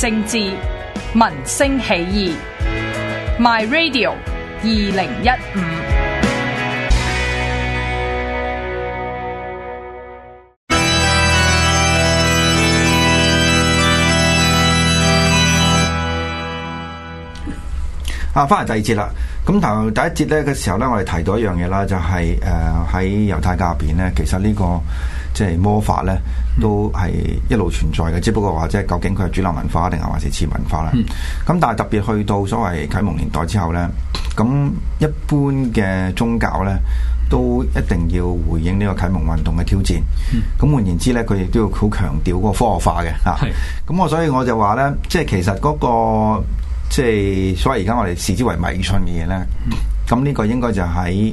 政治民生起義，My Radio 二零一五。啊，翻嚟第二節啦。咁頭第一節咧嘅時候咧，我哋提到一樣嘢啦，就係誒喺猶太教入邊咧，其實呢、這個。即係魔法咧，都係一路存在嘅。只不過話即係究竟佢係主流文化定係還是次文化啦。咁、嗯、但係特別去到所謂啟蒙年代之後咧，咁一般嘅宗教咧都一定要回應呢個啟蒙運動嘅挑戰。咁、嗯、換言之咧，佢亦都要好強調嗰個科學化嘅嚇。咁、啊、我是、嗯、所以我就話咧，即係其實嗰、那個即係所謂而家我哋視之為迷信嘅嘢咧，咁呢、嗯、個應該就喺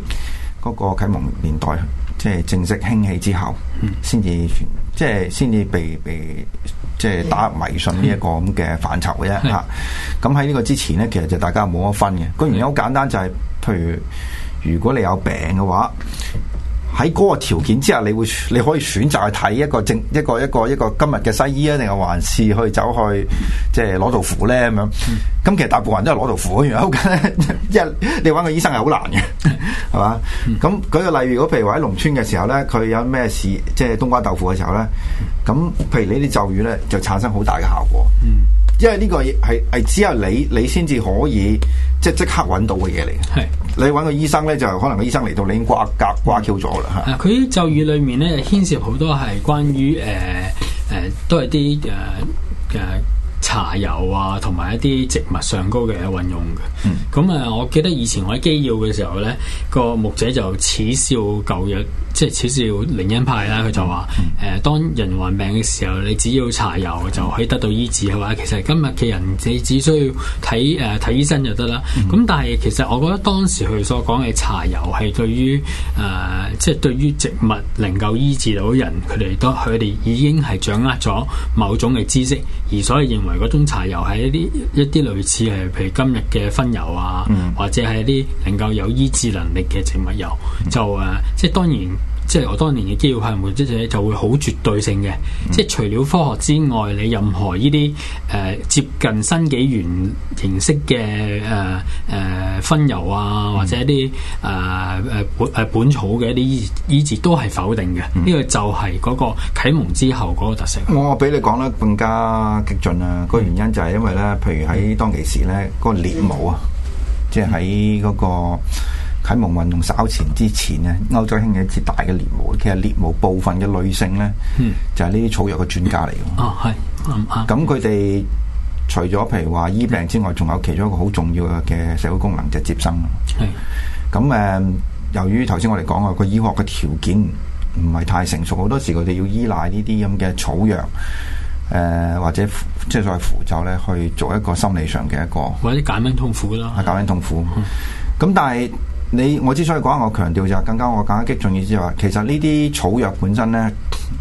嗰個啟蒙年代。即係正式興起之後，先至即係先至被被即係打入迷信呢一個咁嘅範疇嘅啫吓。咁喺呢個之前咧，其實就大家冇乜分嘅。個、嗯、原因好簡單、就係，就係譬如如果你有病嘅話。喺嗰個條件之下，你會你可以選擇去睇一個正一個一個一個，一個今日嘅西醫啊，定係還是去走去即係攞道符咧咁樣？咁、嗯、其實大部分人都係攞道符原來，因為好緊，即係你揾個醫生係好難嘅，係嘛？咁、嗯、舉個例，如果譬如話喺農村嘅時候咧，佢有咩事，即係冬瓜豆腐嘅時候咧，咁譬如你啲咒語咧，就產生好大嘅效果。嗯。因為呢個係係只有你你先至可以即即刻揾到嘅嘢，嚟嘅係是你揾個醫生咧就可能個醫生嚟到你已經掛夾掛 Q 咗啦吓。啊，佢咒語裏面咧牽涉好多係關於誒誒，都係啲誒誒。呃呃茶油啊，同埋一啲植物上高嘅運用嘅。咁啊、嗯，我記得以前我喺基要嘅時候咧，個牧者就恥笑舊日，即係恥笑靈恩派啦。佢就話：誒、嗯呃，當人患病嘅時候，你只要茶油就可以得到醫治嘅話，其實今日嘅人，你只需要睇誒睇醫生就得啦。咁、嗯、但係其實我覺得當時佢所講嘅茶油係對於誒即係對於植物能夠醫治到人，佢哋都佢哋已經係掌握咗某種嘅知識，而所以認為。嗰種柴油係一啲一啲類似係，譬如今日嘅分油啊，嗯、或者係一啲能夠有醫治能力嘅植物油，嗯、就誒、呃，即係當然。即係我當年嘅基礎學門，即係就會好絕對性嘅。嗯、即係除了科學之外，你任何呢啲誒接近新紀元形式嘅誒誒分油啊，或者啲誒誒本誒本草嘅一啲醫治都係否定嘅。呢個、嗯、就係嗰個啟蒙之後嗰個特性。我比你講得更加激進啊，個、嗯、原因就係因為咧，譬如喺當其時咧，嗰、那個獵巫啊，即係喺嗰個。啟蒙運動稍前之前呢，歐洲興一次大嘅獵巫，其實獵巫部分嘅女性呢，就係呢啲草藥嘅專家嚟嘅。啊，係。咁佢哋除咗譬如話醫病之外，仲、嗯、有其中一個好重要嘅社會功能就係、接生。咁誒是、呃，由於頭先我哋講話，個醫學嘅條件唔係太成熟，好多時佢哋要依賴呢啲咁嘅草藥，誒、呃、或者即係所謂符咒呢，去做一個心理上嘅一個或者減輕痛苦咯。啊，減輕痛苦。咁、嗯、但係。你我之所以講，我強調就係、更加我更加激進，意思就係、話、其實呢啲草藥本身呢，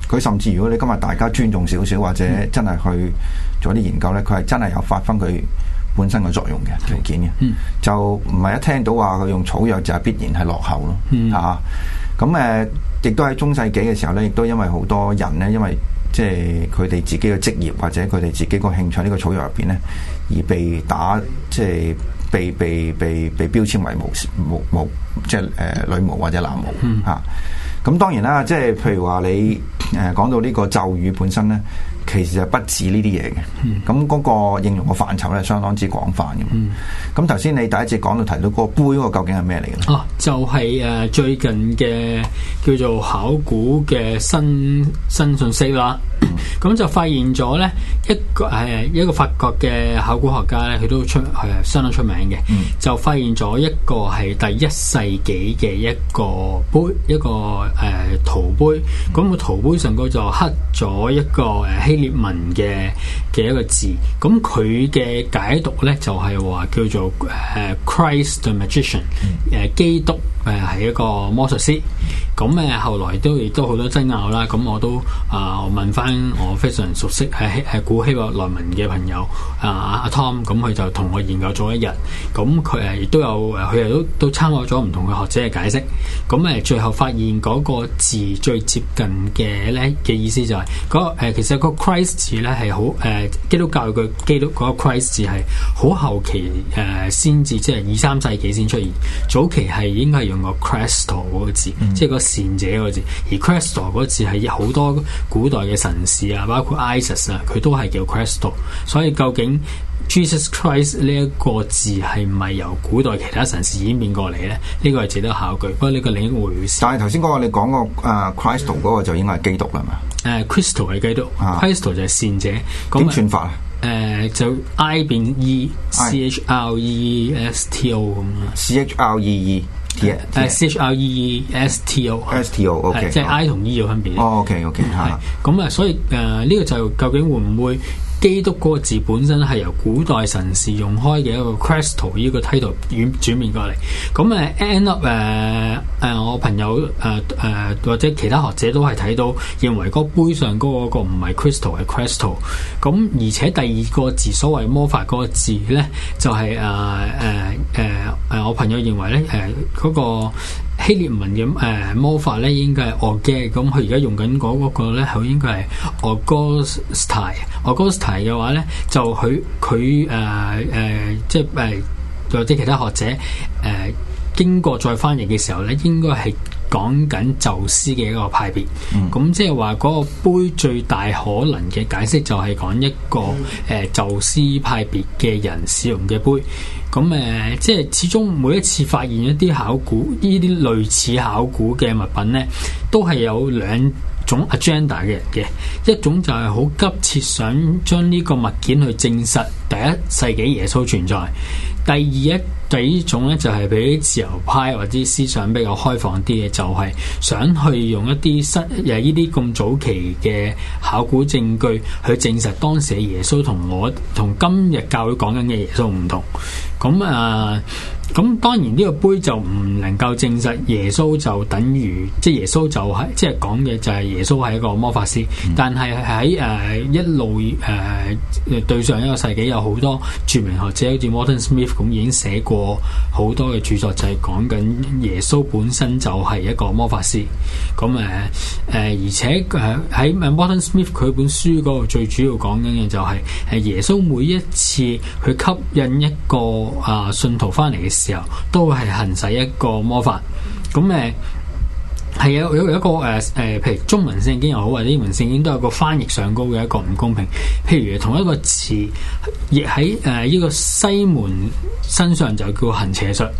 佢甚至如果你今日大家尊重少少，或者真係去做啲研究呢，佢係真係有發揮佢本身嘅作用嘅條件嘅，的就唔係一聽到話佢用草藥就係必然係落後咯嚇。咁誒的、啊，亦都喺中世紀嘅時候呢，亦都因為好多人呢，因為即係佢哋自己嘅職業或者佢哋自己個興趣呢個草藥入邊呢，而被打即係。被被被被標籤為巫巫巫，即係、呃、誒女巫或者男巫嚇。咁、嗯啊、當然啦，即係譬如話你誒、呃、講到呢個咒語本身咧，其實就不止呢啲嘢嘅。咁嗰、嗯、個應用嘅範疇咧，相當之廣泛嘅。咁頭先你第一節講到提到個杯，個究竟係咩嚟嘅咧？哦、啊，就係、是、誒、啊、最近嘅叫做考古嘅新新信息啦。咁 就發現咗咧一個誒一個法國嘅考古學家咧，佢都出係相當出名嘅，嗯、就發現咗一個係第一世紀嘅一個杯，一個誒、呃、陶杯。咁、嗯、個陶杯上高就刻咗一個誒、呃、希臘文嘅嘅一個字，咁佢嘅解讀咧就係、是、話叫做誒 Christ the Magician，誒、嗯、基督誒係、呃、一個魔術師。咁誒、嗯嗯、後來都亦都好多爭拗啦。咁我都啊、呃、問翻。我非常熟悉係，係古希伯來文嘅朋友啊阿 Tom，咁、嗯、佢就同我研究咗一日，咁佢係亦都有誒佢係都都參考咗唔同嘅學者嘅解釋，咁、嗯、誒最後發現個字最接近嘅咧嘅意思就係、係嗰個誒、呃、其實個 Christ 字咧係好誒基督教嘅基督，嗰個 Christ 字係好後期誒、呃、先至即係二三世紀先出現，早期係應該係用個 Christor 嗰個字，嗯、即係個善者個字，而 Christor 嗰個字係有好多古代嘅神。事啊，包括 ISIS 啊 IS,，佢都係叫 Crystal，所以究竟 Jesus Christ 呢一個字係咪由古代其他城市演變過嚟咧？呢、這個係值得考據。不過呢個另一回事。但係頭先講話你講個誒 Crystal 嗰個就應該係基督啦嘛？誒，Crystal 係基督，Crystal 就係善者。點轉法啊？誒，uh, uh, 就 I 變 E，C H R E S T O 咁啊，C H R E。但 C HRESTO，S E、S、T O，即係 I 同 E 有分別。哦，OK，OK，係咁啊，所以誒呢 uh, 個就究竟會唔會？基督嗰個字本身係由古代神士用開嘅一個 crystal 呢個 title 轉變過嚟，咁誒 end up 誒、uh, 誒、uh, 我朋友誒誒、uh, uh, 或者其他學者都係睇到認為嗰個杯上嗰個唔係 crystal 係 crystal，咁而且第二個字所謂魔法嗰個字咧就係誒誒誒誒我朋友認為咧誒嗰個。希列文嘅誒魔法咧，應該係我嘅。咁佢而家用緊嗰個咧，佢應該係 Augusta。Augusta 嘅話咧，就佢佢誒誒，即係誒，有、呃、啲其他學者誒。呃經過再翻譯嘅時候呢，應該係講緊宙斯嘅一個派別。咁、嗯、即係話嗰個杯最大可能嘅解釋就係講一個誒宙、嗯呃、斯派別嘅人使用嘅杯。咁、嗯、誒，即係始終每一次發現一啲考古呢啲類似考古嘅物品呢都係有兩種 agenda 嘅人嘅，一種就係好急切想將呢個物件去證實第一世紀耶穌存在。第二一第二種咧就係俾啲自由派或者思想比較開放啲嘅，就係、是、想去用一啲失誒呢啲咁早期嘅考古證據去證實當時嘅耶穌同我同今日教會講緊嘅耶穌唔同。咁啊。呃咁當然呢個杯就唔能夠證實耶穌就等於即係耶穌就係、是、即係講嘅就係耶穌係一個魔法師。但係喺誒一路誒、呃、對上一個世紀有好多著名學者，好似 Morton Smith 咁已經寫過好多嘅著作，就係講緊耶穌本身就係一個魔法師。咁誒誒，而且誒喺 Morton Smith 佢本書嗰度最主要講緊嘅就係係耶穌每一次佢吸引一個啊信徒翻嚟嘅，時候都係行使一個魔法，咁誒係有有一個誒誒、呃，譬如中文聖經又好，或者英文聖經都有個翻譯上高嘅一個唔公平。譬如同一個字，亦喺誒呢個西門身上就叫行邪術，喺、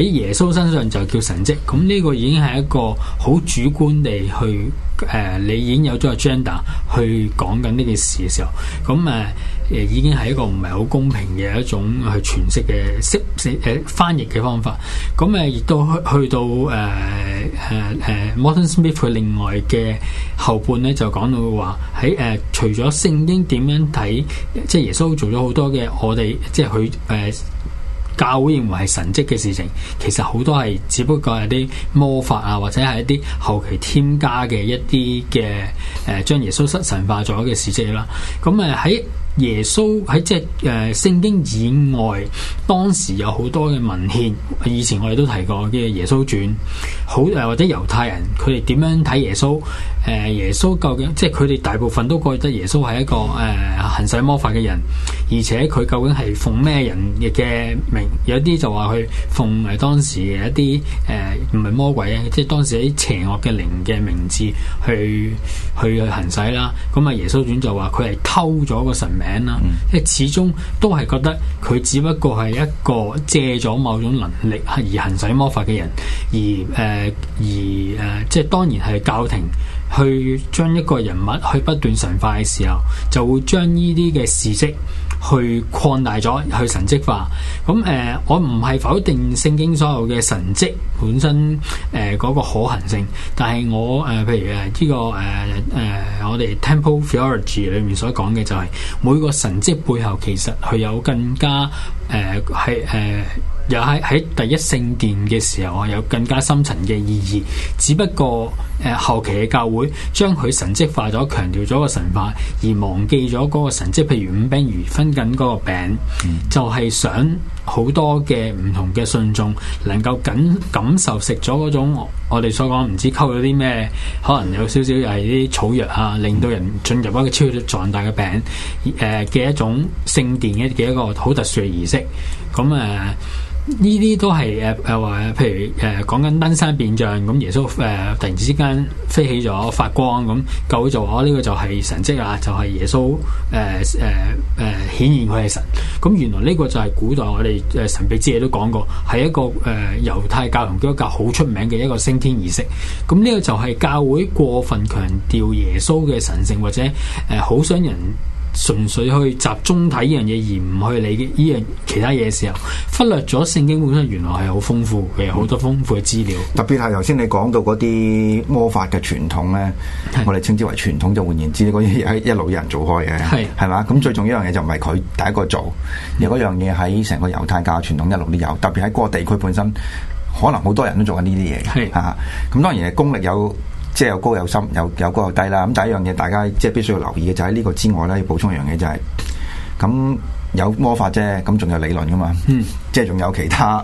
嗯、耶穌身上就叫神蹟。咁呢個已經係一個好主觀地去誒、呃，你已經有咗個 gender 去講緊呢件事嘅時候，咁誒。呃誒已經係一個唔係好公平嘅一種去詮釋嘅釋誒翻譯嘅方法，咁誒亦都去去到誒誒誒 Morton Smith 佢另外嘅後半咧就講到話喺誒、呃、除咗聖經點樣睇，即係耶穌做咗好多嘅我哋即係佢誒教會認為係神蹟嘅事情，其實好多係只不過係啲魔法啊，或者係一啲後期添加嘅一啲嘅誒將耶穌神神化咗嘅事跡啦。咁誒喺耶穌喺即係誒、呃、聖經以外，當時有好多嘅文獻。以前我哋都提過嘅《耶穌傳》好，好、呃、誒或者猶太人佢哋點樣睇耶穌？誒、耶穌究竟，即係佢哋大部分都覺得耶穌係一個誒、呃、行使魔法嘅人，而且佢究竟係奉咩人嘅名？有啲就話佢奉係當時嘅一啲誒，唔係魔鬼啊，即係當時一啲邪惡嘅靈嘅名字去去去行使啦。咁啊，耶穌傳就話佢係偷咗個神名啦，即、嗯、始終都係覺得佢只不過係一個借咗某種能力而行使魔法嘅人，而誒、呃、而誒，即係當然係教廷。去將一個人物去不斷神化嘅時候，就會將呢啲嘅事蹟去擴大咗，去神蹟化。咁誒、呃，我唔係否定聖經所有嘅神蹟本身誒嗰、呃那個可行性，但係我誒、呃、譬如誒、這、呢個誒誒、呃呃、我哋 Temple Theology 裏面所講嘅就係、是、每個神蹟背後其實佢有更加誒係誒。呃又喺喺第一聖殿嘅時候啊，有更加深層嘅意義。只不過誒、呃，後期嘅教會將佢神蹟化咗，強調咗個神化，而忘記咗嗰個神蹟。譬如五餅如分緊嗰個餅，嗯、就係想好多嘅唔同嘅信眾能夠感感受食咗嗰種我哋所講唔知溝咗啲咩，可能有少少又係啲草藥啊，令到人進入一個超級壯大嘅餅誒嘅一種聖殿嘅嘅一個好特殊嘅儀式。咁誒。呃呢啲都係誒誒話，譬如誒、啊、講緊登山變像咁，耶穌誒、呃、突然之間飛起咗、發光咁，教會就話，呢、嗯啊，這個就係神跡啊！就係、是、耶穌誒誒誒顯現佢係神。咁、嗯、原來呢個就係古代我哋誒神秘之嘢都講過，係一個誒、呃、猶太教同基督教好出名嘅一個升天儀式。咁、嗯、呢、這個就係教會過分強調耶穌嘅神性或者誒好、呃、想人。純粹去集中睇呢樣嘢，而唔去理呢樣其他嘢嘅時候，忽略咗聖經本身原來係好豐富嘅，好多豐富嘅資料。特別係頭先你講到嗰啲魔法嘅傳統咧，是我哋稱之為傳統，就換言之，啲一一路有人做開嘅，係係嘛？咁最重要一樣嘢就唔係佢第一個做，而嗰樣嘢喺成個猶太教傳統一路都有，特別喺嗰個地區本身，可能好多人都做緊呢啲嘢嘅，吓是。咁、啊、當然係功力有。即係有高有深，有有高有低啦。咁第一樣嘢，大家即係必須要留意嘅就喺、是、呢個之外咧，要補充一、就是、樣嘢就係，咁有魔法啫，咁仲有理論噶嘛？嗯、即係仲有其他，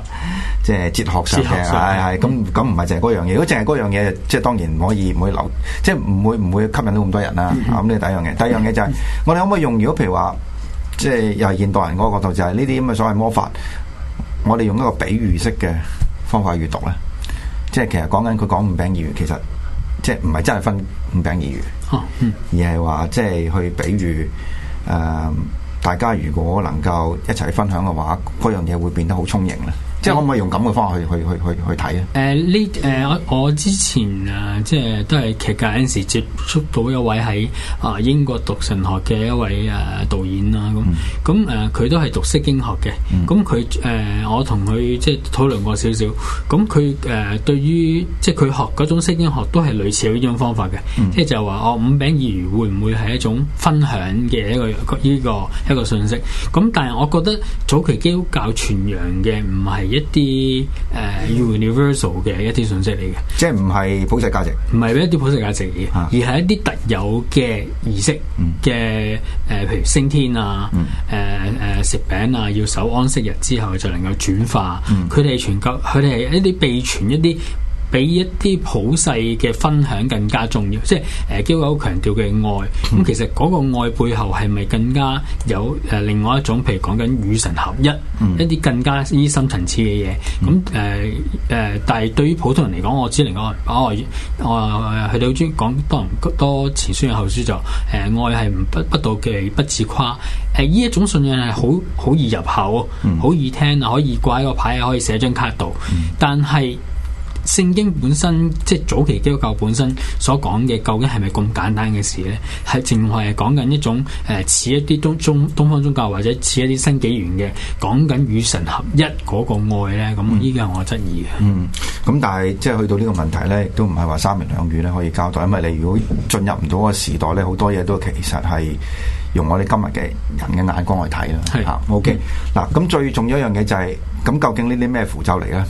即係哲學上嘅，係係。咁咁唔係淨係嗰樣嘢、嗯，如果淨係嗰樣嘢，即係當然唔可以唔會留，即係唔會唔會吸引到咁多人啦。咁呢個第一樣嘢，第二樣嘢就係、是，我哋可唔可以用？如果譬如話，即係又係現代人嗰個角度，就係呢啲咁嘅所謂魔法，我哋用一個比喻式嘅方法去閱讀咧，即係其實講緊佢講五餅二魚，其實。即係唔係真係分五餅二魚，而係話即係去比喻誒、呃，大家如果能夠一齊分享嘅話，嗰樣嘢會變得好充盈咧。即係可唔可以用咁嘅方法去去去去去睇啊？誒呢誒我我之前啊，即係都係劇界，嗰時接觸到一位喺啊英國讀神學嘅一位誒、啊、導演啦。咁咁誒佢都係讀釋經學嘅。咁佢誒我同佢即係討論過少少。咁佢誒對於即係佢學嗰種釋經學都係類似呢種方法嘅。即係、嗯、就話我五餅二魚會唔會係一種分享嘅一個呢、呢個、呢個、一個信息？咁但係我覺得早期基督教傳揚嘅唔係。一啲誒、呃、universal 嘅一啲信息嚟嘅，即係唔係普世價值？唔係一啲普世價值嘅，啊、而係一啲特有嘅儀式嘅誒、嗯呃，譬如升天啊，誒誒、嗯呃、食餅啊，要守安息日之後，就能夠轉化。佢哋係全球，佢哋係一啲秘傳一啲。比一啲普世嘅分享更加重要，即係誒，基督教強調嘅愛。咁、嗯、其實嗰個愛背後係咪更加有誒、呃、另外一種，譬如講緊與神合一，嗯、一啲更加依深層次嘅嘢。咁誒誒，但係對於普通人嚟講，我只能講我愛去到好中意講，哦呃、多人多前書後書就誒、呃，愛係不不道嘅，不自誇。誒、呃，呢一種信仰係好好易入口，好、嗯、易聽，可以掛一個牌，可以寫張卡度，但係是。但聖經本身即係早期基督教本身所講嘅，究竟係咪咁簡單嘅事咧？係淨係講緊一種誒、呃，似一啲東東東方宗教或者似一啲新紀元嘅講緊與神合一嗰個愛咧？咁呢個係我質疑嘅。嗯，咁、嗯嗯嗯、但係即係去到呢個問題咧，都唔係話三言兩語咧可以交代，因為你如果進入唔到個時代咧，好多嘢都其實係用我哋今日嘅人嘅眼光去睇啦。係 OK 嗱，咁、啊 okay，嗯、最重要一樣嘢就係、是，咁究竟呢啲咩符咒嚟咧？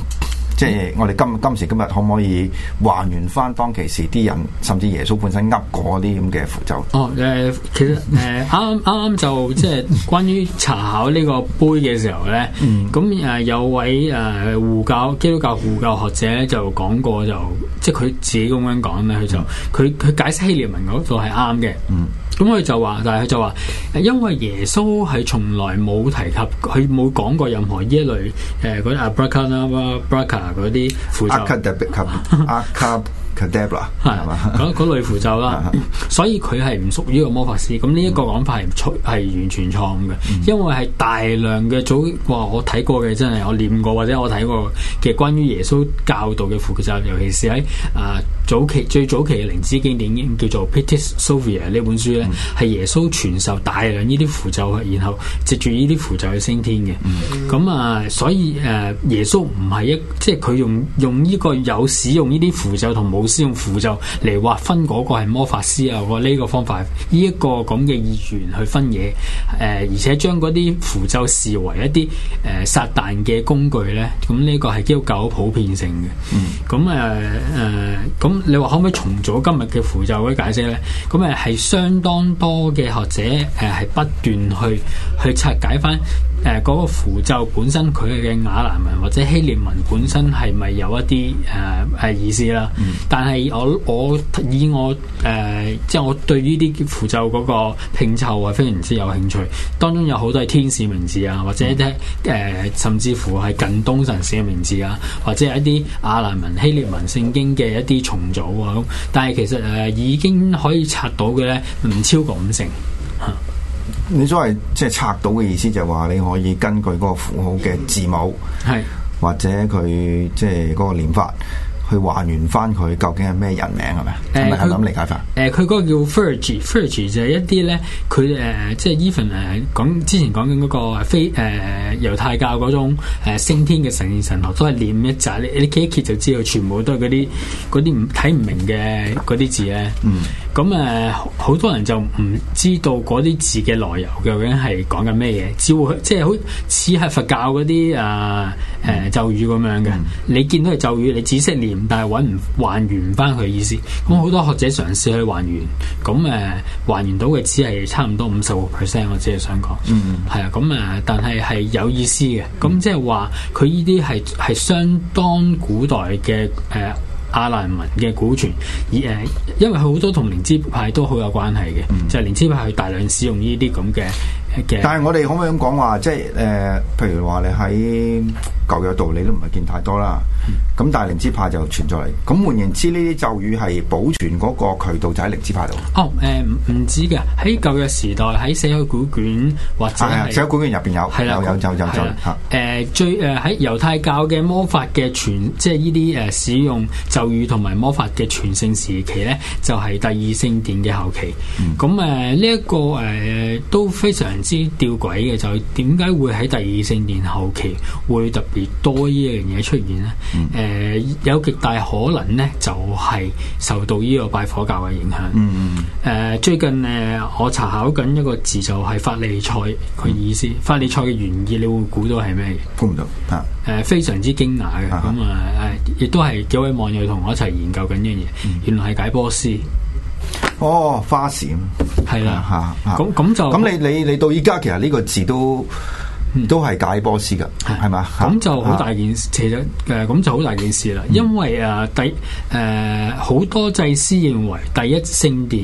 即係我哋今今時今日可唔可以還原翻當其時啲人，甚至耶穌本身噏過啲咁嘅符咒？哦，誒、呃，其實誒，啱啱啱就即係關於查考呢個杯嘅時候咧，咁誒、嗯、有位誒護、呃、教基督教護教學者咧就講過就，就即係佢自己咁樣講咧，佢就佢佢、嗯、解釋希臘文嗰度係啱嘅。嗯咁佢、嗯、就話，但係佢就話，誒，因為耶穌係從來冇提及，佢冇講過任何呢一類，誒、呃，啲阿布拉卡啦、布拉卡嗰啲。啊啊啊啊 cadabra 係嘛嗰嗰類符咒啦， 所以佢係唔屬於個魔法師。咁呢一個講法係錯，係完全錯誤嘅，因為係大量嘅早話我睇過嘅，真係我念過或者我睇過嘅。關於耶穌教導嘅符咒，尤其是喺啊、呃、早期最早期嘅靈知經典，叫做《Pistis Sophia》呢本書咧，係、嗯、耶穌傳授大量呢啲符咒，然後藉住呢啲符咒去升天嘅。咁啊、嗯嗯，所以誒、呃、耶穌唔係一即係佢用用呢個有使用呢啲符咒同冇。老師用符咒嚟劃分嗰個係魔法師啊，我呢個方法，依一個咁嘅意願去分嘢，誒、呃，而且將嗰啲符咒視為一啲誒、呃、撒旦嘅工具咧，咁、嗯、呢、這個係比較普遍性嘅。嗯，咁誒誒，咁、呃、你話可唔可以重組今日嘅符咒嘅解釋咧？咁誒係相當多嘅學者誒係、呃、不斷去去拆解翻。誒嗰、呃，那個符咒本身，佢嘅雅蘭文或者希臘文本身係咪有一啲誒係意思啦？嗯、但係我我以我誒即係我對呢啲符咒嗰個拼湊啊，非常之有興趣。當中有好多係天使名字啊，或者啲誒、呃、甚至乎係近東神使嘅名字啊，或者係一啲雅蘭文、希臘文聖經嘅一啲重組啊。咁、嗯、但係其實誒、呃、已經可以拆到嘅咧，唔超過五成。嗯你所謂即係拆到嘅意思，就係話你可以根據嗰個符號嘅字母，係是或者佢即係嗰個念法。去還原翻佢究竟係咩人名，係咪？係咪係咁理解法？誒佢嗰個叫 Furage，Furage 就係一啲咧，佢誒、呃、即係 even 誒、啊、講之前講緊嗰個非誒、呃、猶太教嗰種、啊、升天嘅神神學，都係念一集，你揭一揭就知道，全部都係嗰啲嗰啲唔睇唔明嘅嗰啲字咧。咁誒好多人就唔知道嗰啲字嘅來由，究竟係講緊咩嘢，只會即係好似係佛教嗰啲誒誒咒語咁樣嘅，嗯、你見到係咒語，你只識念。但係揾唔還原翻佢意思，咁好多學者嘗試去還原，咁誒、呃、還原到嘅只係差唔多五十個 percent，我只係想講，嗯，係啊，咁啊，但係係有意思嘅，咁、嗯、即係話佢呢啲係係相當古代嘅誒阿蘭文嘅古傳，而誒，因為好多同靈知派都好有關係嘅，嗯、就係靈知派大量使用呢啲咁嘅嘅。但係我哋可唔可以咁講話，即係誒，譬如話你喺？舊約道理都唔係見太多啦，咁但係靈知派就存在嚟。咁換言之，呢啲咒語係保存嗰個渠道就喺靈知派度。哦，誒唔唔知嘅喺舊約時代喺社喺古卷或者係、啊、寫古卷入邊有，有有有有。誒的、呃、最誒喺、呃、猶太教嘅魔法嘅傳，即係呢啲誒使用咒語同埋魔法嘅全盛時期咧，就係、是、第二聖殿嘅後期。咁誒呢一個誒、呃、都非常之吊詭嘅，就係點解會喺第二聖殿後期會特別？多呢樣嘢出現咧，誒，有極大可能咧，就係受到呢個拜火教嘅影響。嗯嗯。誒，最近誒，我查考緊一個字，就係法利賽，佢意思，法利賽嘅原意，你會估到係咩？估唔到誒，非常之驚訝嘅。咁啊，誒，亦都係幾位網友同我一齊研究緊呢樣嘢。原來係解波斯。哦，花閃係啦，吓。咁咁就咁，你你你到依家，其實呢個字都。都係解波斯噶，係嘛？咁就好大件，其實誒，咁就好大件事啦。因為誒第誒好多祭司認為第一聖殿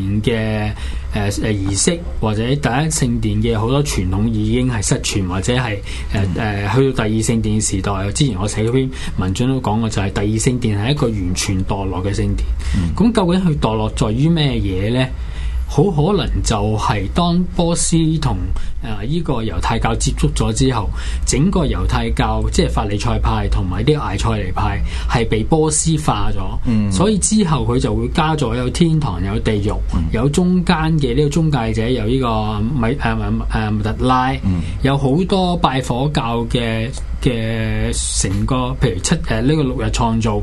嘅誒誒儀式或者第一聖殿嘅好多傳統已經係失傳或者係誒誒去到第二聖殿時代。之前我寫篇文章都講過，就係、是、第二聖殿係一個完全墮落嘅聖殿。咁、嗯、究竟佢墮落在於咩嘢咧？好可能就係當波斯同誒呢個猶太教接觸咗之後，整個猶太教即係法利賽派同埋啲埃塞尼派係被波斯化咗，嗯、所以之後佢就會加咗有天堂、有地獄、嗯、有中間嘅呢個中介者，有呢個米誒誒、啊啊啊、特拉，嗯、有好多拜火教嘅。嘅成個譬如七誒呢個六日創造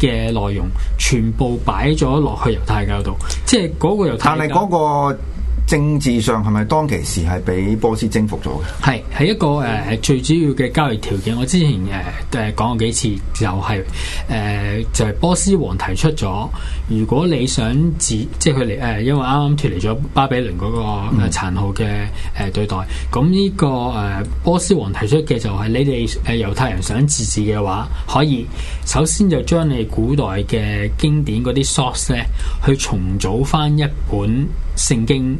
嘅內容，全部擺咗落去猶太教度，即係嗰個猶太教。政治上係咪當其時係俾波斯征服咗嘅？係係一個誒、呃、最主要嘅交易條件。我之前誒誒、呃呃、講過幾次，就係、是、誒、呃、就係、是、波斯王提出咗，如果你想自即係佢哋誒，因為啱啱脫離咗巴比倫嗰、那個、呃、殘酷嘅誒對待，咁、呃、呢、嗯呃這個誒、呃、波斯王提出嘅就係、是、你哋誒猶太人想自治嘅話，可以首先就將你古代嘅經典嗰啲 source 咧，去重組返一本聖經。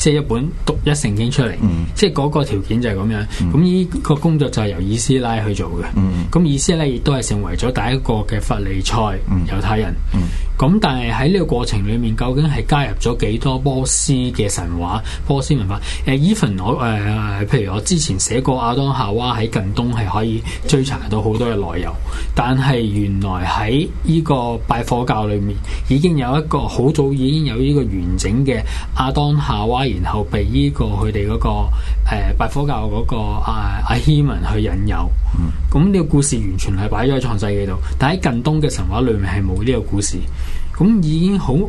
即係一本獨一聖經出嚟，嗯、即係個個條件就係咁樣。咁呢、嗯、個工作就係由以斯拉去做嘅。咁、嗯、以斯拉亦都係成為咗第一個嘅法利賽猶、嗯、太人。咁、嗯、但係喺呢個過程裏面，究竟係加入咗幾多波斯嘅神話，波斯文化？誒、呃、even 我誒、呃，譬如我之前寫過亞當夏娃喺近東係可以追查到好多嘅內容，但係原來喺呢個拜火教裏面，已經有一個好早已經有呢個完整嘅亞當夏娃。然後被呢、這個佢哋嗰個誒、呃、拜火教嗰、那個阿阿、啊啊、希文去引誘，咁呢、嗯、個故事完全係擺咗喺創世記度，但喺近東嘅神話裏面係冇呢個故事。咁已經好誒誒，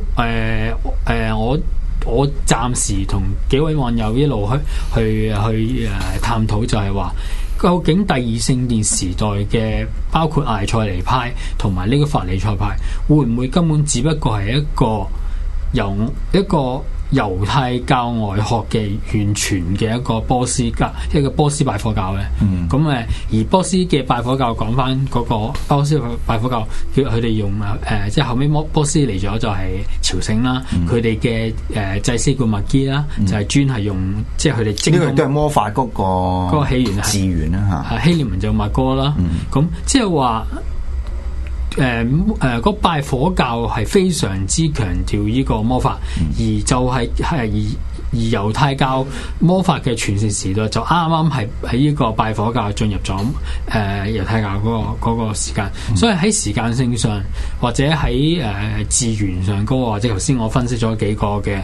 我我暫時同幾位網友一路去去去誒探討，就係話究竟第二聖殿時代嘅包括艾塞尼派同埋呢個法利賽派，會唔會根本只不過係一個由一個？猶太教外學嘅完全嘅一個波斯教，一係個波斯拜火教咧。咁誒、嗯，而波斯嘅拜火教講翻嗰個波斯拜火教，佢佢哋用誒、呃，即係後尾波斯嚟咗就係朝聖啦。佢哋嘅誒祭司叫麥基啦，嗯、就係專係用即係佢哋。因為都係魔法嗰個，個起源啦，起源啦嚇。希臘文就麥哥啦。咁、嗯、即係話。誒，誒、呃呃，拜火教係非常之強調呢個魔法，嗯、而就係、是、係而猶太教魔法嘅傳承時代，就啱啱係喺呢個拜火教進入咗誒猶太教嗰、那個嗰、那個時間，嗯、所以喺時間性上或者喺誒資源上高，或者頭先、呃那個、我分析咗幾個嘅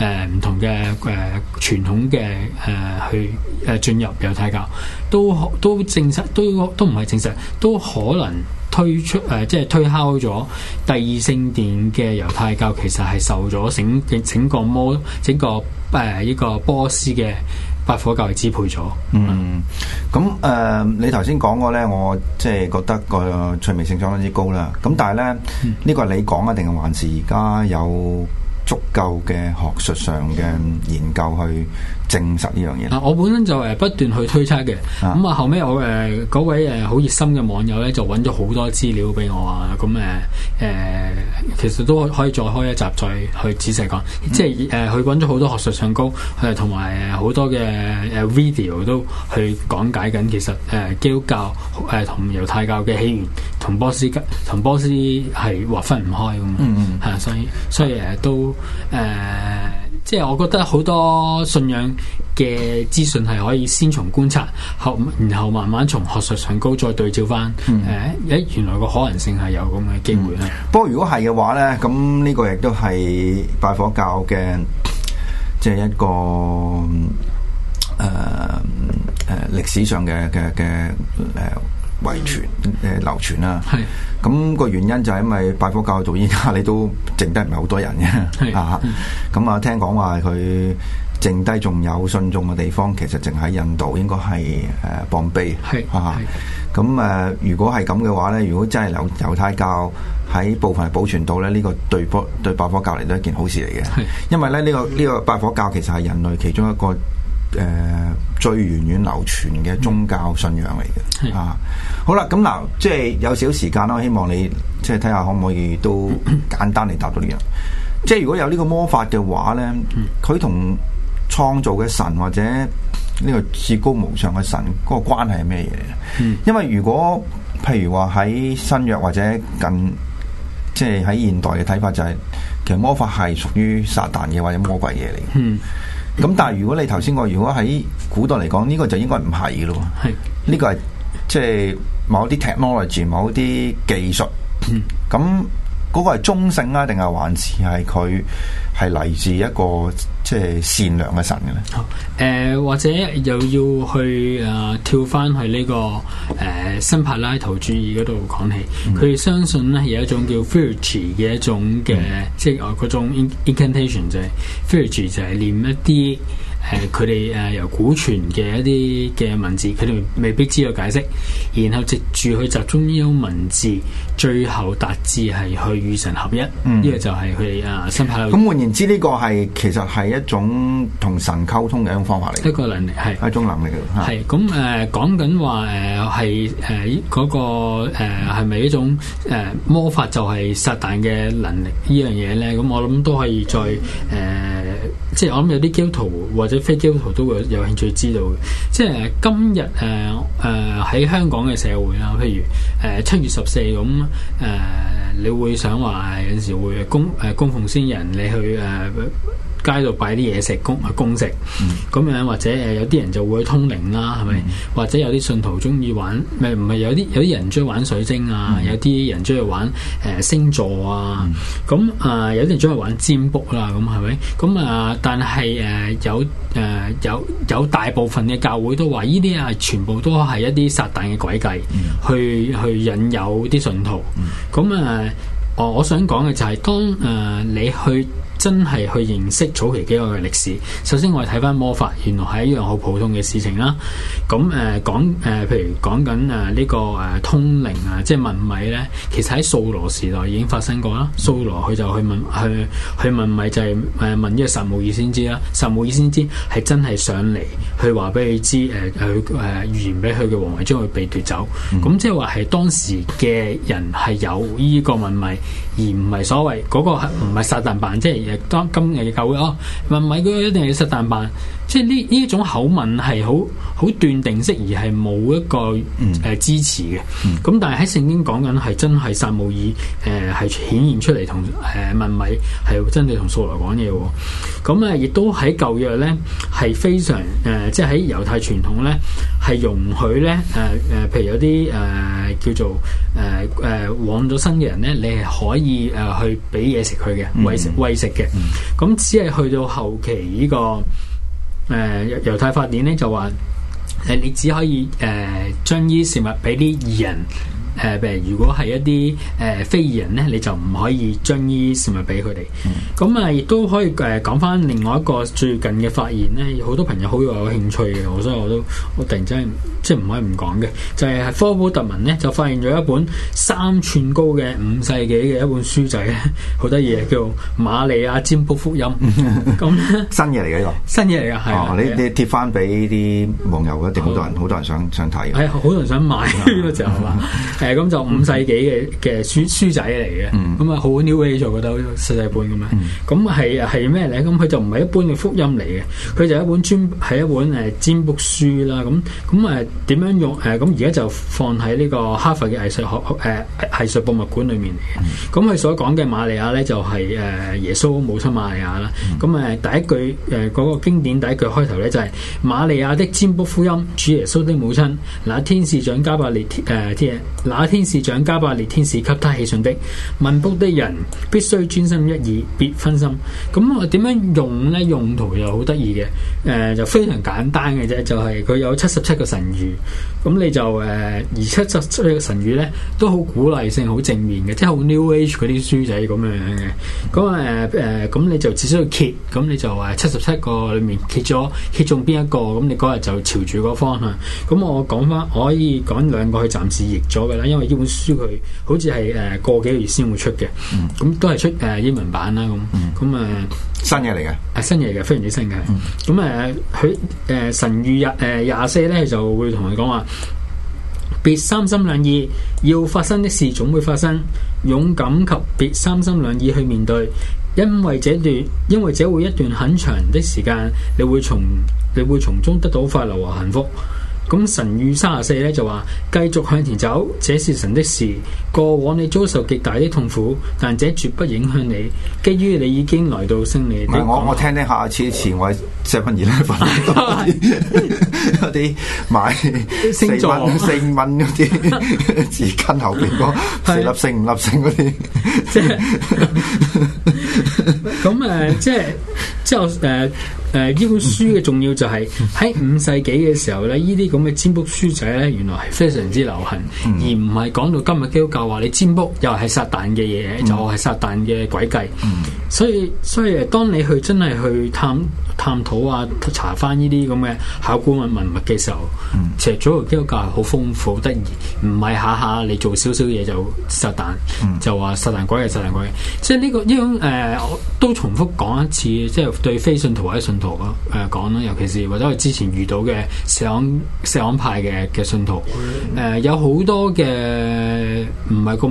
誒唔同嘅誒傳統嘅誒、呃、去誒進入猶太教都都證實都都唔係證實，都可能。推出誒、呃，即係推敲咗第二聖殿嘅猶太教，其實係受咗整整個摩整個誒呢、呃、個波斯嘅拜火教支配咗。嗯，咁誒、嗯，你頭先講過咧，我即係覺得個趣味性相當之高啦。咁但係咧，呢個你講啊，定係還是而家有足夠嘅學術上嘅研究去證實呢樣嘢。啊，我本身就誒、呃、不斷去推測嘅，咁、嗯、啊後尾我誒嗰、呃、位誒好、呃、熱心嘅網友咧就揾咗好多資料俾我啊，咁誒誒其實都可以再開一集再去仔細講，即係誒佢揾咗好多學術上高誒同埋好多嘅誒、呃、video 都去講解緊其實誒、呃、基督教誒同、呃、猶太教嘅起源同波斯同波斯係劃分唔開嘅嘛，嚇、嗯嗯嗯，所以所以誒都。都都誒、呃，即係我覺得好多信仰嘅資訊係可以先從觀察，後然後慢慢從學術上高再對照返。誒、嗯，咦、呃，原來個可能性係有咁嘅機會咧、嗯。不過如果係嘅話咧，咁呢個亦都係拜火教嘅，即係一個誒誒歷史上嘅嘅嘅誒。遺傳誒、呃、流傳啦、啊，咁的、嗯那個原因就係因為拜火教做依家你都剩低唔係好多人嘅、啊，的啊咁啊、嗯嗯、聽講話佢剩低仲有信眾嘅地方，其實淨喺印度應該係誒磅碑，呃、的啊咁誒、嗯、如果係咁嘅話咧，如果真係留猶太教喺部分保存到咧，呢、這個對波對，對拜火教嚟都係一件好事嚟嘅，的因為咧呢、這個呢、這個拜火教其實係人類其中一個。誒、呃，最源遠流傳嘅宗教信仰嚟嘅，吓的、啊、好啦，咁、嗯、嗱，即係有少少時間啦，我希望你即係睇下可唔可以都 簡單嚟答到呢樣。即係如果有呢個魔法嘅話咧，佢同創造嘅神或者呢個至高無上嘅神嗰、那個關係係咩嘢？ 因為如果譬如話喺新約或者近，即係喺現代嘅睇法就係、是，其實魔法係屬於撒旦嘅，或者魔鬼嘢嚟。 咁但係如果你頭先我如果喺古代嚟講，呢、這個就應該唔係嘅咯。係呢是個係即係某啲 technology，某啲技術咁。嗯嗰個係中性啦、啊，定係還是係佢係嚟自一個即係善良嘅神嘅咧？誒、呃，或者又要去誒、啊、跳翻去呢、這個誒、啊、新柏拉圖主義嗰度講起，佢哋、嗯、相信咧有一種叫 fertility 嘅一種嘅，嗯、即係誒嗰種 incantation 就係 fertility 就係念一啲誒佢哋誒由古傳嘅一啲嘅文字，佢哋未必知道解釋，然後直住去集中呢於文字。最後達至係去與神合一，呢、嗯、個就係佢哋啊，新派。咁換言之，呢、這個係其實係一種同神溝通嘅一種方法嚟，一個能力係一種能力咯。係咁誒，講緊話誒係誒嗰個誒係咪一種誒、呃、魔法？就係撒旦嘅能力呢樣嘢咧。咁、嗯、我諗都可以再誒、呃，即係我諗有啲基督徒或者非基督徒都會有興趣知道嘅。即係今日誒誒喺香港嘅社會啊，譬如誒七、呃、月十四咁。呃呃誒、呃，你會想話有時會供誒，供、呃、奉先人，你去誒。呃街度擺啲嘢食供供食，咁樣或者誒有啲人就會通靈啦，係咪？或者有啲信徒中意玩，咪唔係有啲有啲人中意玩水晶啊，有啲人中意玩誒星座啊，咁啊有啲人中意玩占卜啦，咁係咪？咁啊但係誒有誒有有大部分嘅教會都話呢啲啊全部都係一啲撒旦嘅詭計，去去引誘啲信徒。咁啊我我想講嘅就係當誒你去。真係去認識早期幾個嘅歷史。首先我哋睇翻魔法，原來係一樣好普通嘅事情啦。咁誒、呃、講誒、呃，譬如講緊誒呢個誒通靈啊，即係問米咧，其實喺掃羅時代已經發生過啦。掃羅佢就去問去去問米，就係誒問呢個撒母耳先知啦。撒母耳先知係真係上嚟去話俾佢知，誒去誒預言俾佢嘅王位將會被奪走。咁、嗯、即係話係當時嘅人係有呢個問米。而唔係所謂嗰、嗰個唔係實彈辦，即係當今日嘅教會哦，問米嗰一定要實彈辦。即係呢呢種口吻係好好斷定式，而係冇一個誒、呃、支持嘅。咁取 但係喺聖經講緊係真係撒母耳，誒係顯現出嚟同誒問米係真係同掃羅講嘢。咁啊，亦都喺舊約咧係非常誒，即係喺猶太傳統咧係容許咧誒誒，譬如有啲誒叫做誒誒往咗生嘅人咧，你係可以誒去俾嘢食佢嘅，餵食餵食嘅。咁只係去到後期呢個。誒猶、呃、太法典咧就話：誒、呃、你只可以誒、呃、將啲事物俾啲二人。誒，譬如、呃、如果係一啲誒、呃、非議人咧，你就唔可以將呢啲事物俾佢哋。咁啊、嗯，亦都、嗯、可以誒講翻另外一個最近嘅發現咧，好多朋友好有興趣嘅，所以我都我突然之間即係唔可以唔講嘅，就係、是、科普特文咧就發現咗一本三寸高嘅五世紀嘅一本書仔，好多嘢叫《瑪利亞占卜福音》 樣。咁新嘢嚟嘅呢個，新嘢嚟嘅係你的你貼翻俾啲網友一定好多人， 好，好多人想想睇。係好多人想買呢個嘛？誒咁就五世紀嘅嘅書、嗯、書，書仔嚟嘅，咁啊好 new age 做覺得世世半咁樣，咁係係咩咧？咁佢就唔係一般嘅福音嚟嘅，佢就一本專係一本誒占卜書啦。咁咁誒點樣用？誒咁而家就放喺呢個哈佛嘅藝術學誒、呃、藝術博物館裏面嚟嘅。咁佢、嗯、所講嘅瑪利亞咧就係、是、誒、呃、耶穌母親瑪利亞啦。咁、嗯、誒、嗯、第一句誒嗰、呃那個經典第一句開頭咧就係、是、瑪利亞的占卜福音，主耶穌的母親。嗱，天使長加百列誒啲。馬天使長加百列天使給他喜訊的，問卜的人必須專心一意，別分心。咁我點樣用呢？用途又好得意嘅，誒、呃，就非常簡單嘅啫，就係、是、佢有七十七個神諭。咁你就誒、呃，而七十七嘅神語咧，都好鼓勵性、好正面嘅，即係好 New Age 嗰啲書仔咁樣嘅。咁誒誒，咁、呃呃、你就只需要揭，咁你就誒、呃、七十七個裡面揭咗，揭中邊一個，咁你嗰日就朝住個方向。咁我講翻，我可以講兩個，去暫時譯咗嘅啦，因為呢本書佢好似係誒過幾個月先會出嘅。咁、嗯、都係出誒、呃、英文版啦。嗯。咁、呃、啊。新嘢嚟嘅，係新嘢嚟嘅，非常之新嘅。咁誒、嗯嗯，佢、呃、誒、呃、神與日誒廿、呃、四咧，就會同佢講話，別三心兩意，要發生的事總會發生，勇敢及別三心兩意去面對，因為這段，因為這會一段很長的時間，你會從，你會從中得到快樂和幸福。咁神諭三十四咧就話繼續向前走，這是神的事。過往你遭受極大的痛苦，但這絕不影響你。基於你已經來到勝利。唔，我我聽聽下，次前位謝文儀呢份啲買四蚊四蚊啲紙巾後邊嗰四粒星五粒星啲，即係咁誒，即係即係誒。誒呢、呃、本書嘅重要就係、是、喺、嗯、五世紀嘅時候咧，呢啲咁嘅占卜書仔咧，原來係非常之流行，嗯、而唔係講到今日基督教話你占卜又係撒旦嘅嘢，嗯、就係撒旦嘅鬼計。所以所以誒，當你去真係去探探討啊，查翻呢啲咁嘅考古文文物嘅時候，嗯、其實早期基督教係好豐富、好得意，唔係下下你做少少嘢就撒旦，嗯、就話撒旦鬼係撒旦鬼。即係呢、這個呢種誒，我都重複講一次，即係對非信徒或者信咯，誒、呃、講咯，尤其是或者我之前遇到嘅，社釋派嘅嘅信徒，誒、呃、有好多嘅唔係咁誒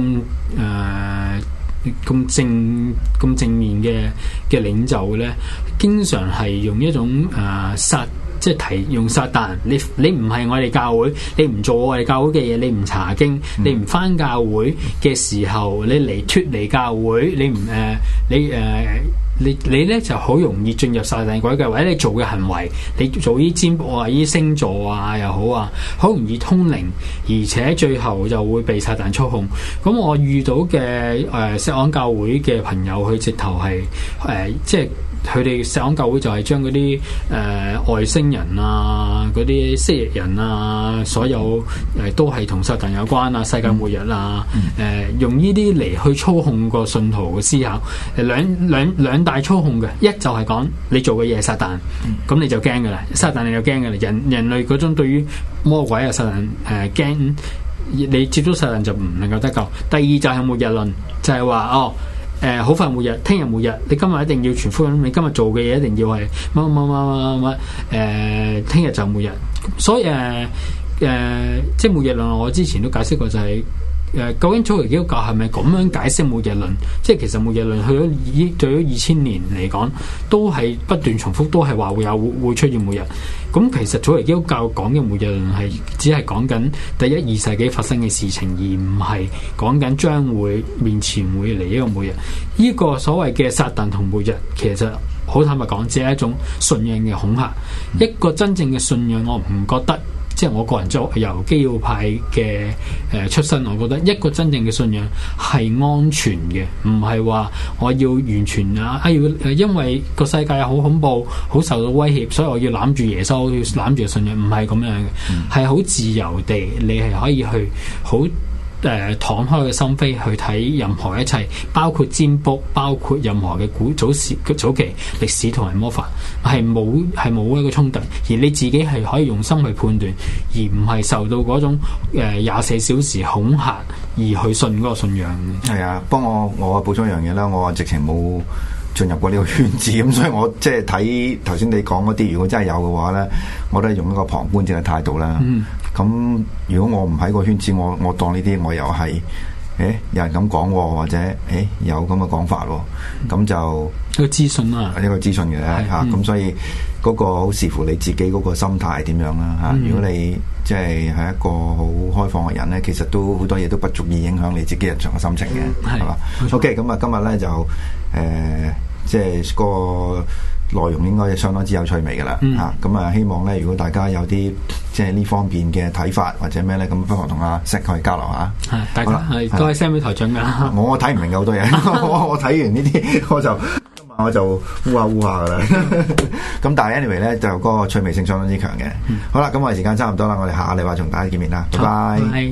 咁正咁正面嘅嘅領袖咧，經常係用一種誒撒、呃，即係提用撒旦，你你唔係我哋教會，你唔做我哋教會嘅嘢，你唔查經，你唔翻教會嘅時候，你嚟脫離教會，你唔誒、呃、你誒。呃你你咧就好容易進入撒但詭計，或者你做嘅行為，你做呢占卜啊、啲星座啊又好啊，好容易通靈，而且最後又會被撒旦操控。咁我遇到嘅誒錫安教會嘅朋友，佢直頭係誒即係。佢哋石抗教會就係將嗰啲誒外星人啊、嗰啲蜥蜴人啊、所有誒、呃、都係同撒旦有關啊、世界末日啊，誒、嗯呃、用呢啲嚟去操控個信徒嘅思考，兩兩兩大操控嘅，一就係講你做嘅嘢撒旦，咁、嗯、你就驚嘅啦，撒旦你就驚嘅啦，人人類嗰種對於魔鬼啊撒旦誒驚、呃嗯，你接觸撒旦就唔能夠得救。第二就係末日論，就係、是、話哦。哦誒好、呃、快末日，聽日末日，你今日一定要全福音，你今日做嘅嘢，一定要係乜乜乜乜乜誒，聽、呃、日就末日，所以誒誒、呃，即係末日論，我之前都解釋過就係、是。誒，究竟早期基督教係咪咁樣解釋末日論？即係其實末日論去咗已，對咗二千年嚟講，都係不斷重複，都係話會有會出現末日。咁其實早期基督教講嘅末日論係只係講緊第一二世紀發生嘅事情，而唔係講緊將會面前會嚟一個末日。呢、這個所謂嘅撒旦同末日，其實好坦白講，只係一種信仰嘅恐嚇。嗯、一個真正嘅信仰，我唔覺得。即係我個人，就由基要派嘅誒、呃、出身，我覺得一個真正嘅信仰係安全嘅，唔係話我要完全啊，要因為個世界好恐怖，好受到威脅，所以我要攬住耶穌，我要攬住信仰，唔係咁樣嘅，係好、嗯、自由地，你係可以去好，誒敞開嘅心扉去睇任何一切，包括占卜，包括任何嘅古早時早期歷史同埋魔法，係冇係冇一個衝突，而你自己係可以用心去判斷，而唔係受到嗰種誒廿四小時恐嚇而去信嗰個信仰。係啊，幫我我補充一樣嘢啦，我啊直情冇進入過呢個圈子，咁所以我即係睇頭先你講嗰啲，如果真係有嘅話咧，我都係用一個旁觀者嘅態度啦。嗯。咁如果我唔喺個圈子，我我當呢啲我又係，誒、欸、有人咁講、哦，或者誒、欸、有咁嘅講法、哦，咁就一個資訊啊、嗯、啊，呢個資訊嘅咧吓，咁所以嗰、那個好視乎你自己嗰個心態點樣啦吓。啊嗯、如果你即係係一個好開放嘅人咧，其實都好多嘢都不足以影響你自己日常嘅心情嘅，係嘛？OK 咁啊今日咧就誒即係個。內容應該係相當之有趣味嘅啦，嚇咁、嗯、啊！希望咧，如果大家有啲即係呢方面嘅睇法或者咩咧，咁不妨同阿 Zeke 佢交流下。大家係都係 send 俾台長嘅。我睇唔明嘅好多嘢，我睇完呢啲，我就今日我就烏下烏下嘅啦。咁、嗯、但係 anyway 咧，就個趣味性相當之強嘅。好啦、嗯，咁我哋時間差唔多啦，我哋下個禮拜同大家見面啦，拜拜。